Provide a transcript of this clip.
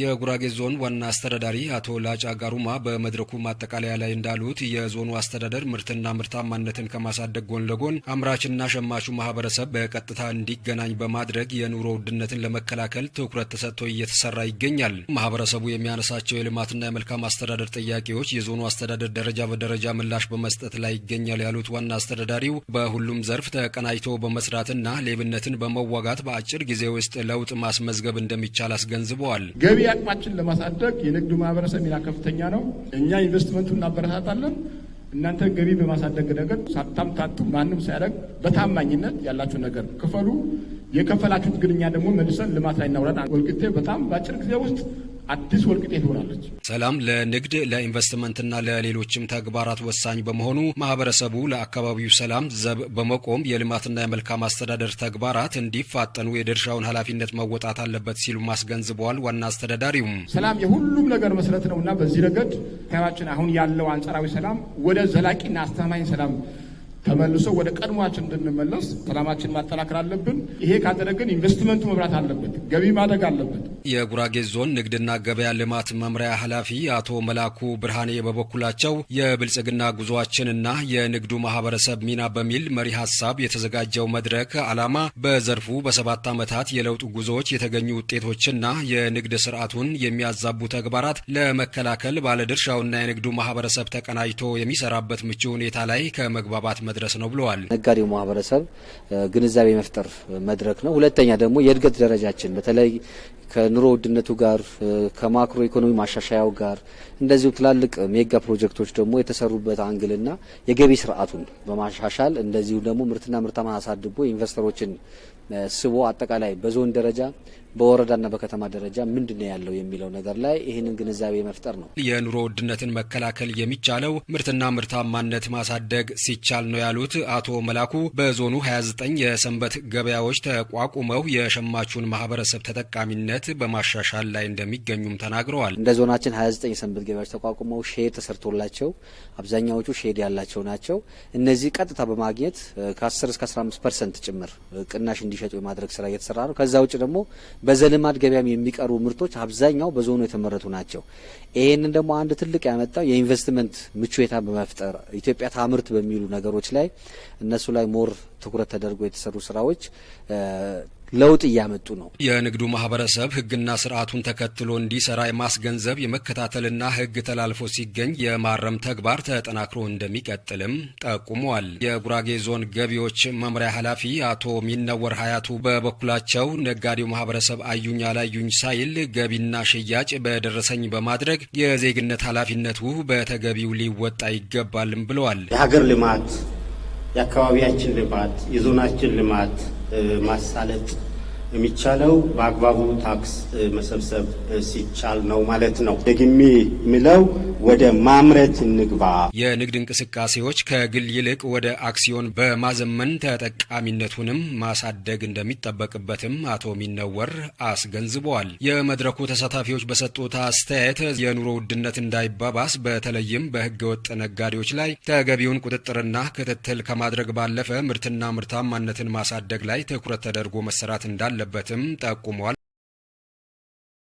የጉራጌ ዞን ዋና አስተዳዳሪ አቶ ላጫ ጋሩማ በመድረኩ ማጠቃለያ ላይ እንዳሉት የዞኑ አስተዳደር ምርትና ምርታማነትን ከማሳደግ ጎን ለጎን አምራችና ሸማቹ ማህበረሰብ በቀጥታ እንዲገናኝ በማድረግ የኑሮ ውድነትን ለመከላከል ትኩረት ተሰጥቶ እየተሰራ ይገኛል። ማህበረሰቡ የሚያነሳቸው የልማትና የመልካም አስተዳደር ጥያቄዎች የዞኑ አስተዳደር ደረጃ በደረጃ ምላሽ በመስጠት ላይ ይገኛል ያሉት ዋና አስተዳዳሪው በሁሉም ዘርፍ ተቀናጅቶ በመስራትና ሌብነትን በመዋጋት በአጭር ጊዜ ውስጥ ለውጥ ማስመዝገብ እንደሚቻል አስገንዝበዋል። የገቢ አቅማችን ለማሳደግ የንግዱ ማህበረሰብ ሚና ከፍተኛ ነው። እኛ ኢንቨስትመንቱን እናበረታታለን። እናንተ ገቢ በማሳደግ ሳታም ታቱ ማንም ሳያደርግ በታማኝነት ያላችሁ ነገር ክፈሉ። የከፈላችሁት ግን እኛ ደግሞ መልሰን ልማት ላይ እናውለን። ወልቂጤ በጣም በአጭር ጊዜ ውስጥ አዲስ ወልቂጤ ትሆናለች። ሰላም ለንግድ ለኢንቨስትመንትና ለሌሎችም ተግባራት ወሳኝ በመሆኑ ማህበረሰቡ ለአካባቢው ሰላም ዘብ በመቆም የልማትና የመልካም አስተዳደር ተግባራት እንዲፋጠኑ የድርሻውን ኃላፊነት መወጣት አለበት ሲሉ አስገንዝበዋል። ዋና አስተዳዳሪውም ሰላም የሁሉም ነገር መሰረት ነውና በዚህ ረገድ አካባቢያችን አሁን ያለው አንጻራዊ ሰላም ወደ ዘላቂና አስተማማኝ ሰላም ተመልሶ ወደ ቀድሟችን እንድንመለስ ሰላማችን ማጠናከር አለብን። ይሄ ካደረግን ኢንቨስትመንቱ መብራት አለበት፣ ገቢ ማደግ አለበት። የጉራጌ ዞን ንግድና ገበያ ልማት መምሪያ ኃላፊ አቶ መላኩ ብርሃኔ በበኩላቸው የብልጽግና ጉዞአችንና የንግዱ ማህበረሰብ ሚና በሚል መሪ ሀሳብ የተዘጋጀው መድረክ ዓላማ በዘርፉ በሰባት ዓመታት የለውጥ ጉዞዎች የተገኙ ውጤቶችና የንግድ ስርዓቱን የሚያዛቡ ተግባራት ለመከላከል ባለድርሻውና የንግዱ ማህበረሰብ ተቀናጅቶ የሚሰራበት ምቹ ሁኔታ ላይ ከመግባባት መድረስ ነው ብለዋል። ነጋዴው ማህበረሰብ ግንዛቤ መፍጠር መድረክ ነው። ሁለተኛ ደግሞ የእድገት ደረጃችን በተለይ ከኑሮ ውድነቱ ጋር ከማክሮ ኢኮኖሚ ማሻሻያው ጋር እንደዚሁም ትላልቅ ሜጋ ፕሮጀክቶች ደግሞ የተሰሩበት አንግልና የገቢ ስርዓቱን በማሻሻል እንደዚሁ ደግሞ ምርትና ምርታማ አሳድጎ ኢንቨስተሮችን ስቦ አጠቃላይ በዞን ደረጃ በወረዳና በከተማ ደረጃ ምንድን ነው ያለው የሚለው ነገር ላይ ይህንን ግንዛቤ መፍጠር ነው። የኑሮ ውድነትን መከላከል የሚቻለው ምርትና ምርታማነት ማሳደግ ሲቻል ነው ያሉት አቶ መላኩ በዞኑ 29 የሰንበት ገበያዎች ተቋቁመው የሸማቹን ማህበረሰብ ተጠቃሚነት ሂደት በማሻሻል ላይ እንደሚገኙም ተናግረዋል። እንደ ዞናችን 29 ሰንበት ገበያዎች ተቋቁመው ሼድ ተሰርቶላቸው አብዛኛዎቹ ሼድ ያላቸው ናቸው። እነዚህ ቀጥታ በማግኘት ከ10 እስከ 15 ፐርሰንት ጭምር ቅናሽ እንዲሸጡ የማድረግ ስራ እየተሰራ ነው። ከዛ ውጭ ደግሞ በዘልማድ ገበያም የሚቀርቡ ምርቶች አብዛኛው በዞኑ የተመረቱ ናቸው። ይህንን ደግሞ አንድ ትልቅ ያመጣው የኢንቨስትመንት ምቹታን በመፍጠር ኢትዮጵያ ታምርት በሚሉ ነገሮች ላይ እነሱ ላይ ሞር ትኩረት ተደርጎ የተሰሩ ስራዎች ለውጥ እያመጡ ነው። የንግዱ ማህበረሰብ ህግና ስርዓቱን ተከትሎ እንዲሰራ የማስገንዘብ የመከታተልና ህግ ተላልፎ ሲገኝ የማረም ተግባር ተጠናክሮ እንደሚቀጥልም ጠቁመዋል። የጉራጌ ዞን ገቢዎች መምሪያ ኃላፊ አቶ ሚነወር ሀያቱ በበኩላቸው ነጋዴው ማህበረሰብ አዩኝ አላዩኝ ሳይል ገቢና ሽያጭ በደረሰኝ በማድረግ የዜግነት ኃላፊነቱ በተገቢው ሊወጣ ይገባልም ብለዋል። የሀገር ልማት የአካባቢያችን ልማት የዞናችን ልማት ማሳለጥ የሚቻለው በአግባቡ ታክስ መሰብሰብ ሲቻል ነው ማለት ነው። ደግሜ ምለው ወደ ማምረት እንግባ። የንግድ እንቅስቃሴዎች ከግል ይልቅ ወደ አክሲዮን በማዘመን ተጠቃሚነቱንም ማሳደግ እንደሚጠበቅበትም አቶ ሚነወር አስገንዝበዋል። የመድረኩ ተሳታፊዎች በሰጡት አስተያየት የኑሮ ውድነት እንዳይባባስ በተለይም በህገወጥ ነጋዴዎች ላይ ተገቢውን ቁጥጥርና ክትትል ከማድረግ ባለፈ ምርትና ምርታማነትን ማሳደግ ላይ ትኩረት ተደርጎ መሰራት እንዳለበትም ጠቁመዋል።